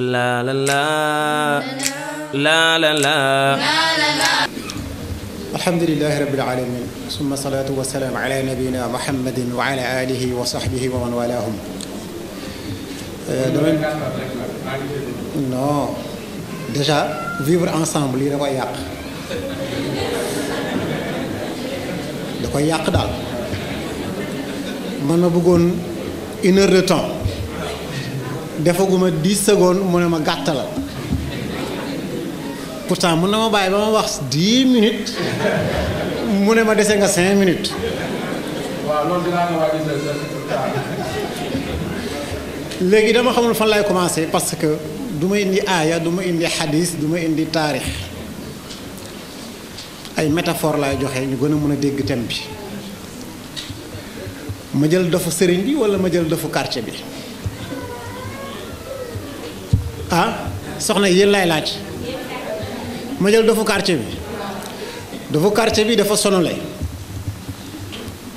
la la la la la la alhamdulilahi rabbil alamin summa salaatu wa salaam ala nabiyina muhammadin wa ala alihi wa sahbihi wa man walahum euh, non déjà vivre ensemble lii da koy yàq da koy yàq daal man ma bëggoon une heure de temps defaguma diis secondes mu ne ma gàttalal pourtant mun na ma bàyyi ba ma wax dix minutes mu ne ma dese nga cinq minutes. waaw léegi dama xamul fan lay commencer parce que du ma indi aaya du ma indi xadis du ma indi taarix ay métaphore laay joxe ñu gën a mën a dégg thème bi ma jël dofu sëriñ bi wala ma jël dofu quartier bi. ah soxna yéen lay laaj ma jël dofu quartier bi dofu quartier bi dafa sonole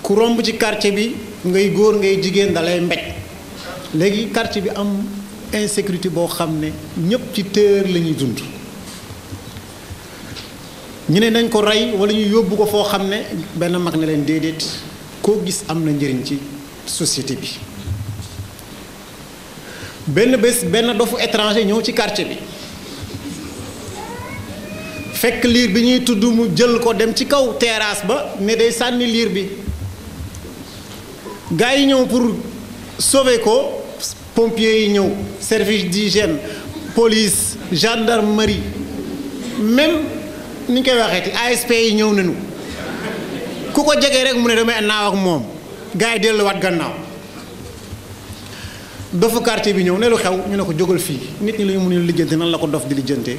ku romb ci quartier bi ngay góor ngay jigéen dalay mbej léegi quartier bi am insécurité boo xam ne ñëpp ci téer la ñuy dund ñu ne nañ ko rey walla ñu yóbbu ko foo xam ne benn mag ne leen déedéet koo gis am na njëriñ ci société bi benn bés benn dofu étranger ñëw ci quartier bi fekk liir bi ñuy tudd mu jël ko dem ci kaw teraas ba ne day sànni liir bi gars yi ñëw pour sauver ko pompiers yi ñëw service di d'hygiène police gendarmerie même ni ñu koy waxeeti ASP yi ñëw nañu ku ko jegee rek mu ne damay ànd ak moom gars yi delluwaat gannaaw. dofu quartier bi ñëw ne lu xew ñu ne ko jógal fii nit ñi la ñu mun a lijjante nan la ko dof di lijjante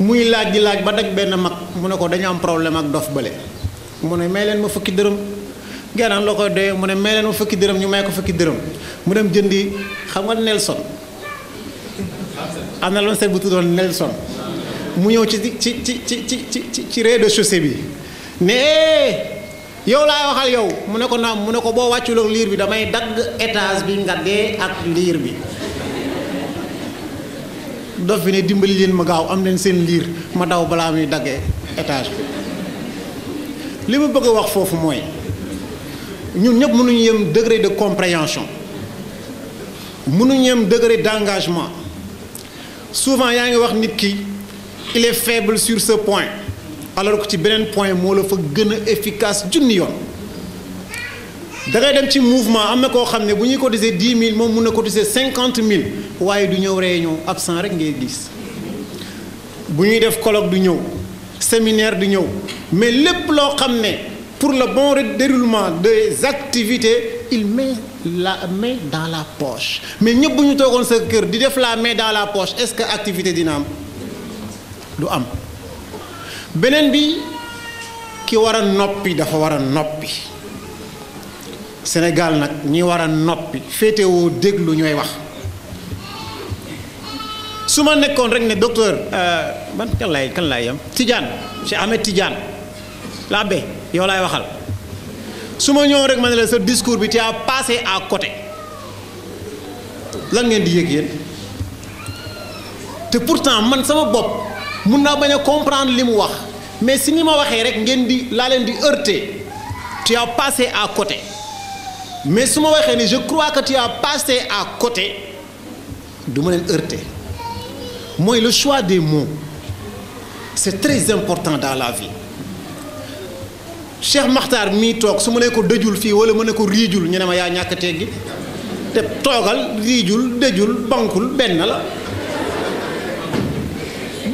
muy laaj di laaj ba daj benn mag mu ne ko dañu am problème ak dof bële mu ne may leen ma fukki dërëm gannaaw loo koy doyee mu ne may leen ma fukki dërëm ñu may ko fukki dërëm mu dem yi xam nga Nelson am na loon seet bu tuddoon Nelson mu ñëw ci ci ci ci ci ci ci rez-de-chaussée bi ne yow laay waxal yow mu ne ko naam mu ne ko boo wàcculoo liir bi damay dagg étage bi nga dee ak liir bi dof bi ne dimbali leen ma gaaw am leen seen liir ma daw balaa muy daggee étage bi li ma bëgg a wax foofu mooy ñun ñëpp mënuñu yem degré de compréhension mënuñu yem degré d'engagement souvent yaa ngi wax nit ki il est faible sur ce point alors ko ci beneen point moo la fa gën a efficace junni yoon dangay dem ci mouvement am na koo xam ne bu ñuy cotiser dix mille moom mun na cotiser cinquante mille waaye du ñëw réunion absent rek ngay gis bu ñuy def colloque du ñëw séminaire du ñëw mais lépp loo xam ne pour le bon déroulement des activités il met la mais dans la poche mais ñëpp bu ñu toogoon sa kër di def la main dans la poche est-ce que activité dina am du am. beneen bi ki war a noppi dafa war a noppi Sénégal nag ñi war a noppi féetewoo déglu ñooy wax su ma nekkoon rek ne docteur man euh, kan laay kan laay yam Tidiane Cheikh Ahmed Tidiane l'abbé yow laay waxal su ma ñëw rek ma ne la sa discours bi tu as passé à côté lan ngeen di yëg yéen te pourtant man sama bopp. mun naa bañ a comprendre li mu wax mais si ni ma waxee rek ngeen di laa leen di heurter tu as passé à côté mais su ma waxee ni je crois que tu as passé à côté du ma leen heurter mooy le choix des mots c'est très important dans la vie Cheikh Makhtar mii toog su ma ne ko dëjul fii wala ma ne ko riijul ñu ne ma yaa ñàkk teggi te toogal riijul dëjul bankul benn la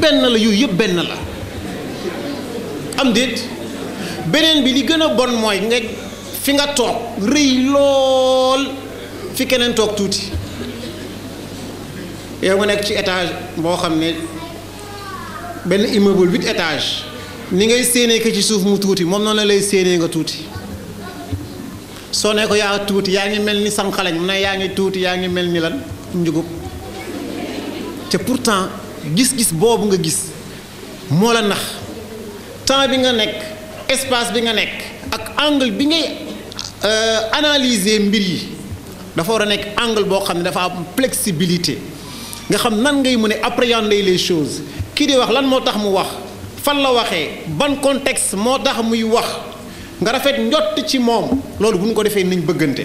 benn la yooyu yëpp benn la am déet beneen bi li gën a bon mooy nga fi nga toog rëy lool fi keneen toog tuuti yow nga nekk ci étage boo xam ne benn immeuble huit étage ni ngay séenee ko ci suuf mu tuuti moom noonu lay séenee nga tuuti soo ne ko yaa tuuti yaa ngi mel ni sanqalañ mu ne yaa ngi tuuti yaa ngi mel ni lan njugub te pourtant gis-gis boobu nga gis moo la nax temps bi nga nekk espace bi nga nekk ak angle bi ngay euh, analyser mbir yi dafa war a nekk angle boo xam ne dafa am flexibilité nga xam nan ngay mën a appréhender les choses kii di wax lan moo tax mu wax fan la waxee ban contexte moo tax muy wax nga rafet njott ci moom loolu bu ñu ko defee nañ bëggante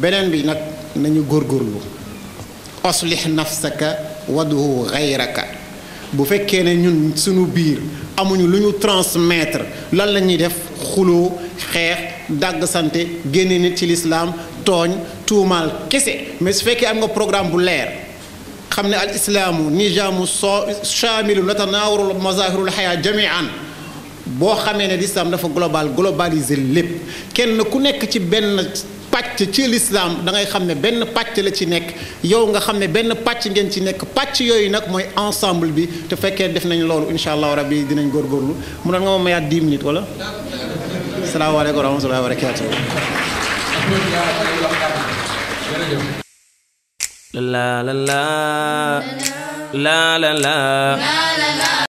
beneen bi nag nañu góorgóorlu aslih nafsaka wadu xayraka bu fekkee ne ñun suñu biir amuñu lu ñu transmettre lan la ñuy def xuloo xeex dàgg sante génne nit ci lislaam tooñ tuumaal kese mais su fekkee am nga programme bu leer xam ne al islaamu nijaamu so chaamilu la tanaawarul mazahirul xayaa jamian boo xamee ne lislaam dafa global globaliser lépp kenn ku nekk ci benn pàcc ci lislaam da ngay xam ne benn pàcc la ci nekk yow nga xam ne benn pàcc ngeen ci nekk pàcc yooyu nag mooy ensemble bi te fekkee def nañ loolu incha allahu rabbi dinañ góor mu doon nga ma mayaat 10 minutes wala salaamaaleykum wa rahmatullahi wa la